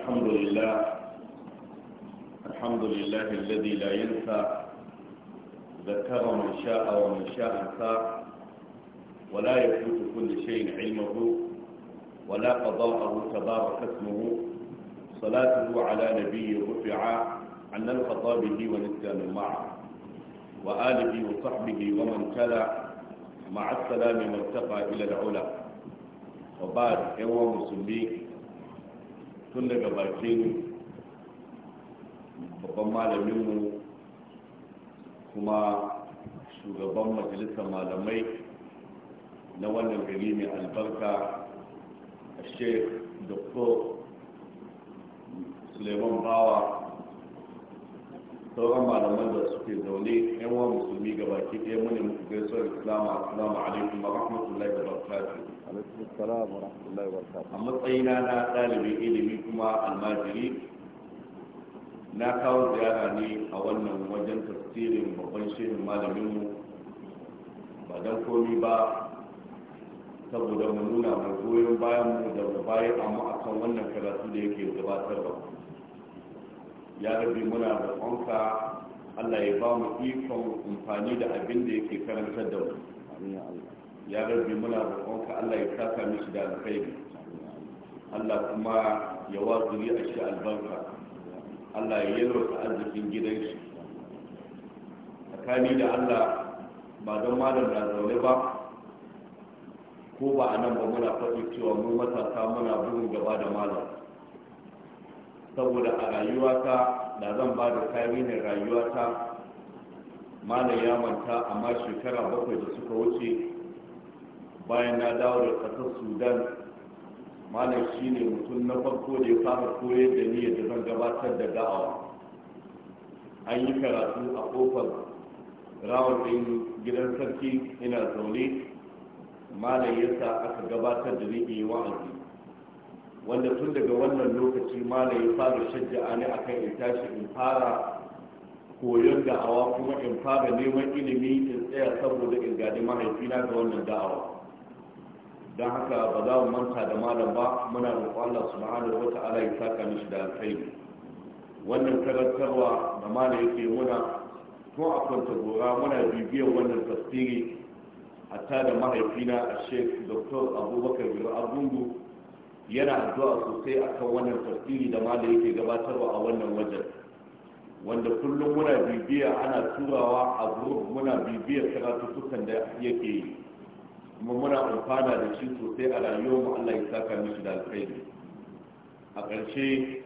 الحمد لله الحمد لله الذي لا ينسى ذكر من شاء ومن شاء انسى ولا يفوت كل شيء علمه ولا قضاءه تبارك اسمه صلاته على نبي رفع عن الخطابه ونسيان معه وآله وصحبه ومن تلا مع السلام من ارتقى إلى العلا وبعد يوم مسلمين tun daga bakin babban malaminmu kuma shugaban majalisar malamai na wannan gari mai albarka a sheik dr suleiman bawa sauran malaman da suke zaune yan wa musulmi ga baki ɗaya muni muku gaisuwar islamu assalamu alaikum wa rahmatullahi wa alaikum assalam wa rahmatullahi a matsayina na ɗalibin ilimi kuma almajiri na kawo ziyara ne a wannan wajen tafsirin babban shehin malaminmu ba don komi ba saboda mu nuna mai goyon bayan mu da mu bayan amma akan wannan karatu da yake gabatarwa ya rabi muna da ƙonka allah ya ba mu ikon amfani da abin da yake karantar da mu ya rabi muna da ƙonka allah ya saka mishi da alkhairi allah kuma ya wa zuri a shi albarka allah ya ta arzikin gidan shi tsakani da allah ba don malam na zaune ba ko ba a nan ba muna faɗi cewa mu matasa muna bugun gaba da malam saboda a rayuwata da zan ba da tarihin rayuwata malam ya manta amma shekara bakwai da suka wuce bayan na dawo da ƙasar sudan malam shi ne mutum na farko da ya fara koyar da niyyar da zan gabatar da da'awa an yi karatu a kofar rawar da gidan sarki ina zaune malam yasa aka gabatar da ni wa'azi wanda tun daga wannan lokaci mala ya fara shajja'a ne akan in tashi in fara koyon da'awa kuma in fara neman ilimi in tsaya saboda in gadi mahaifina ga wannan da'awa don haka ba za mu manta da malam ba muna roƙon Allah subhanahu wa ta'ala ya saka mishi da alkhairi wannan karantarwa da malam yake muna ko a kwanta gora muna bibiyar wannan tafsiri a da mahaifina a shek dr abubakar biro abungu yana zuwa sosai a kan wannan tafsiri da ma da yake gabatarwa a wannan wajen wanda kullum muna bibiya ana turawa a group muna bibiyar karatuttukan da yake yi kuma muna amfana da shi sosai a rayuwarmu Allah ya saka mishi da alkhairi a ƙarshe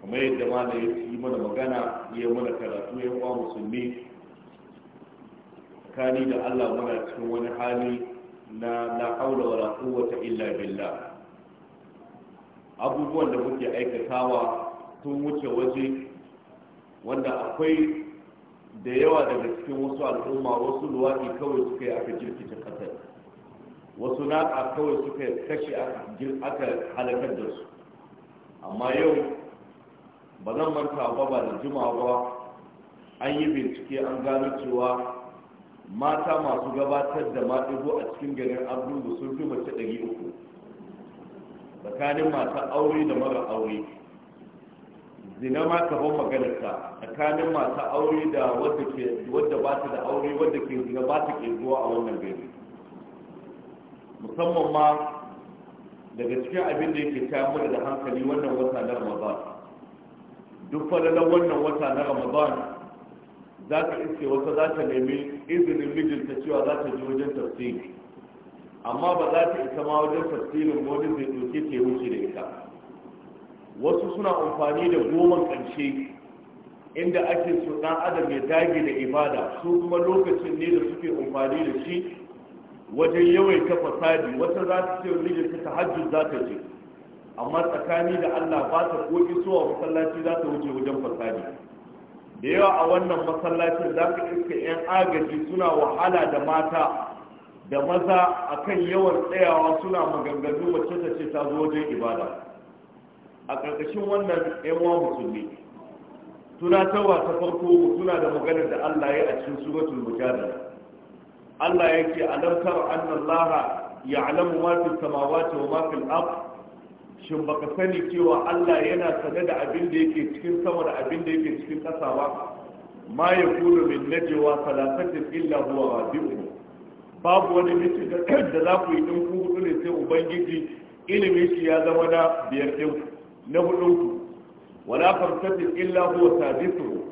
kuma yadda ma da yi mana magana ya mana karatu ya kwa musulmi tsakani da Allah muna cikin wani hali na illa billah abubuwan da muke aikatawa sun wuce waje wanda akwai da yawa daga cikin wasu al'umma wasu luwaɗi kawai suka yi aka jirkita ƙasar wasu naƙa kawai suka kashe aka halakar da su amma yau ba zan manta ba ba da jimawa ba an yi bincike an gano cewa mata masu gabatar da maɗigo a cikin garin abdullu sun fi mace ɗari uku tsakanin mata aure da mara aure zina ma ka ban maganarta tsakanin mata aure da wadda ba ta da aure wadda ke zina ba ta ke zuwa a wannan gari musamman ma daga cikin abin da yake ta mana da hankali wannan wata na ramadan duk falalar wannan wata na ramadan za ka iske wata za ta nemi izinin mijinta cewa za ta ji wajen tafsiri amma ba za ta isa ma wajen tafsirin wani zai ɗauke ke wuce da ita wasu suna amfani da goma ƙarshe inda ake so ɗan adam ya dage da ibada su kuma lokacin ne da suke amfani da shi wajen yawaita fasadi wata za ta ce mijinta ta hajji za ta je amma tsakani da allah ba ta ko isowa masallaci za ta wuce wajen fasadi da yawa a wannan masallacin za ka iska 'yan agaji suna wahala da mata da maza a kan yawan tsayawa suna maganganu mace ta ce ta zo wajen ibada a ƙarƙashin wannan 'yan musulmi tunatarwa ta farko suna da maganar da Allah ya a cikin suratul mujadala Allah yake alam tara anna Allah ya'lamu mafi samawa ce wa mafi al'afu shin baka sani cewa Allah yana sane da abin da yake cikin sama da abin da yake cikin ƙasa ba ma ya kuru min najwa salasatin illa huwa rabi'u babu wani miji da za ku yi din ku hudu ne sai ubangiji ilimin shi ya zama na biyar din na hudu ku wala farsatin illa huwa sadisu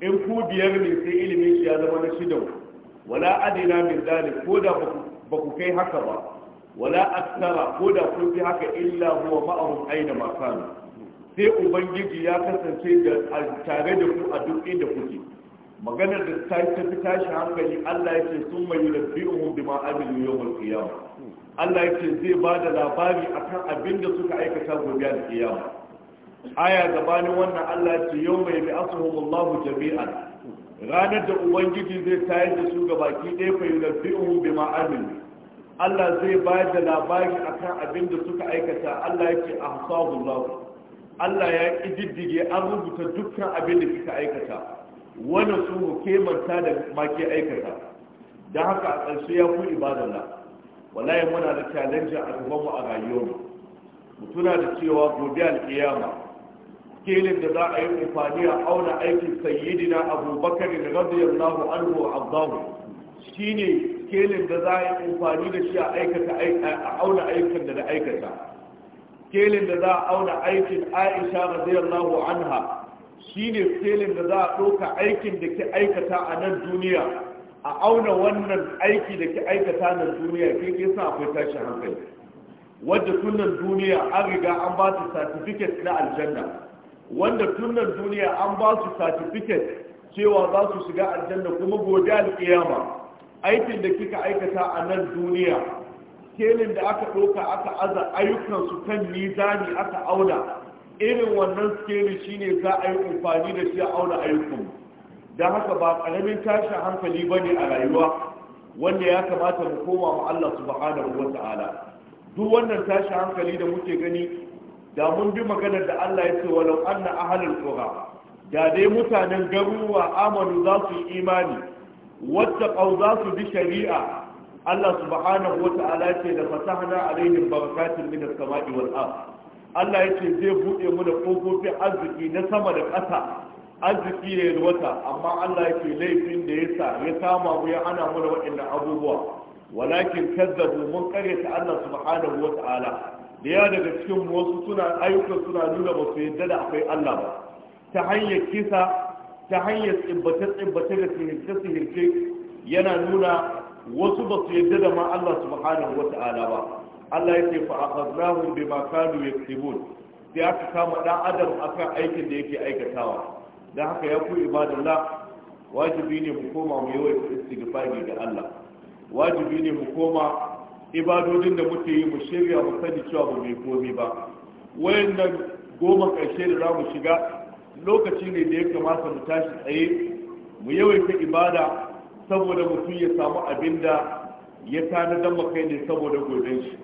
in ku biyar ne sai ilimin shi ya zama na shida wala adina min dalik ko da ba ku kai haka ba wala aksara ko da kun fi haka illa huwa ma'ahum aina ma kanu sai ubangiji ya kasance da tare da ku a duk inda kuke maganar da ta tafi tashi hankali Allah ya ce sun mai yunabbi'uhum bima amilu yawmal qiyamah Allah ya ce zai ba da labari akan abin da suka aikata gobe da kiyama aya gabanin wannan Allah ya ce yau mai bi asuhumullahu jami'an ranar da ubangiji zai tayar da su ga baki ɗaya fa yunabbi'uhum bima amilu Allah zai bayar da labari akan abin da suka aikata Allah yake ahsahu Allah Allah ya kididdige an rubuta dukkan abin da kika aikata wani su ke manta da maki aikata da haka a ƙarshe ya ku ibadallah wallahi muna da challenge a gaban mu a rayuwar mu tuna da cewa gobe alkiyama kelin da za a yi amfani a auna aikin sayyidina abubakar radiyallahu anhu wa abdahu ne kelin da za a yi amfani da shi a aikata a auna aikin da na aikata kelin da za a auna aikin aisha radiyallahu anha shine kelin da za a ɗauka aikin da ke aikata a nan duniya a auna wannan aiki da ke aikata nan duniya ke ke sa akwai tashin hankali wadda tunan duniya an riga an ba su certificate na aljanna wanda tunan duniya an ba su certificate cewa za su shiga aljanna kuma gobe alkiyama aikin da kika aikata a nan duniya kelin da aka ɗauka aka aza ayyukansu kan mizani aka auna irin wannan skeli shine za a yi amfani da shi a auna ayyukan don haka ba ƙaramin tashi hankali ba ne a rayuwa wanda ya kamata mu koma ma Allah subhanahu wa ta'ala duk wannan tashi hankali da muke gani da mun bi maganar da Allah ya ce walau anna ahlul qura da dai mutanen garuruwa amanu za su yi imani wata ƙauza su bi shari'a Allah subhanahu wa ta'ala ce da fatahna alaihim barakatun min as-sama'i wal ard Allah yace zai bude mu da kofofin arziki na sama da ƙasa arziki ne da wata amma Allah yace laifin da yasa ya kama mu ya ana mu da waɗannan abubuwa walakin kazzabu mun karyata Allah subhanahu wa ta'ala da daga cikin wasu suna ayyukan suna nuna ba su yadda da akwai Allah ba ta hanyar kisa ta hanyar tsibbace-tsibbace da sihirce-sihirce yana nuna wasu ba su yadda da ma Allah subhanahu wa ta'ala ba Allah ya ce fa bai bima kanu yaktubun sai aka kama dan adam akan aikin da yake aikatawa dan haka ya ku ibadallah wajibi ne mu koma mu yawa istighfari ga Allah wajibi ne mu koma ibadojin da muke yi mu shirya mu sani cewa ba mai komi ba wayannan goma karshe da za mu shiga lokaci ne da ya kamata mu tashi tsaye mu yawaita ibada saboda mutum ya samu abin da ya don makai ne saboda gobe shi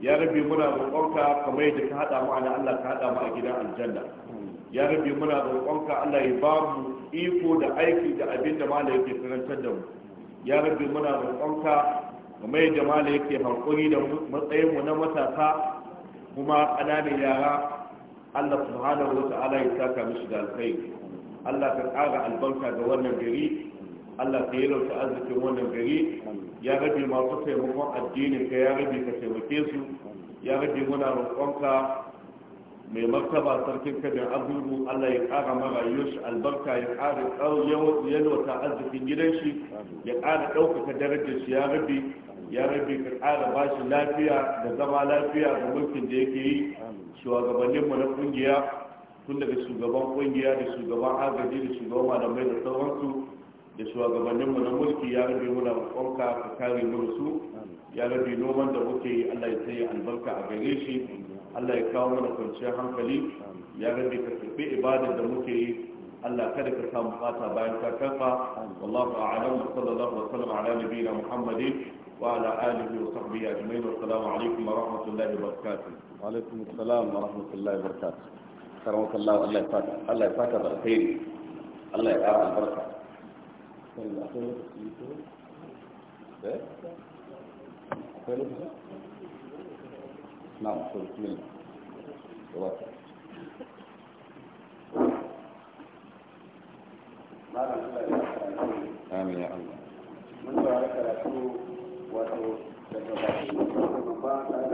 ya rabe muna roƙonka kamar yadda ka haɗa mu ana Allah ka haɗa mu a gidan aljanna ya rabe muna roƙonka Allah ya ba mu iko da aiki da abin da mala yake karantar da mu ya rabe muna roƙonka kamar yadda mala yake hankuri da matsayin mu na matasa kuma ƙananan yara Allah subhanahu wa ta'ala ya saka mishi da alkhairi Allah ka ƙara albarka ga wannan gari Allah ka yi rauta arzikin wannan gari ya rabi masu taimakon addinin ka ya rabi ka taimake su ya rabi muna roƙonka mai martaba sarkin kabin abubu Allah ya ƙara mara shi albarka ya ƙara yalwata arzikin gidan shi ya ƙara ɗaukaka darajar shi ya rabi ya ka ƙara ba shi lafiya da zama lafiya da mulkin da yake yi shugabanninmu na kungiya tun daga shugaban kungiya da shugaban agaji da shugaban malamai da sauransu da shugabanninmu na mulki ya rabe da kwanka ka kare mu su ya rabe noman da muke yi allah ya tsaye albarka a gare shi allah ya kawo mana kwanciyar hankali ya rabe ka tafi ibadar da muke yi Allah kada ka samu fata bayan ka kafa wallahu a'lam sallallahu alaihi wa sallam ala nabiyina muhammadin وعلى آله وصحبه أجمعين والسلام عليكم ورحمة الله وبركاته وعليكم السلام ورحمة الله وبركاته كرمك الله الله يفاك الله يفاك بالخير الله يعطيك البركة نعم بسم الله آمين يا الله. من بارك لكم wato daga ba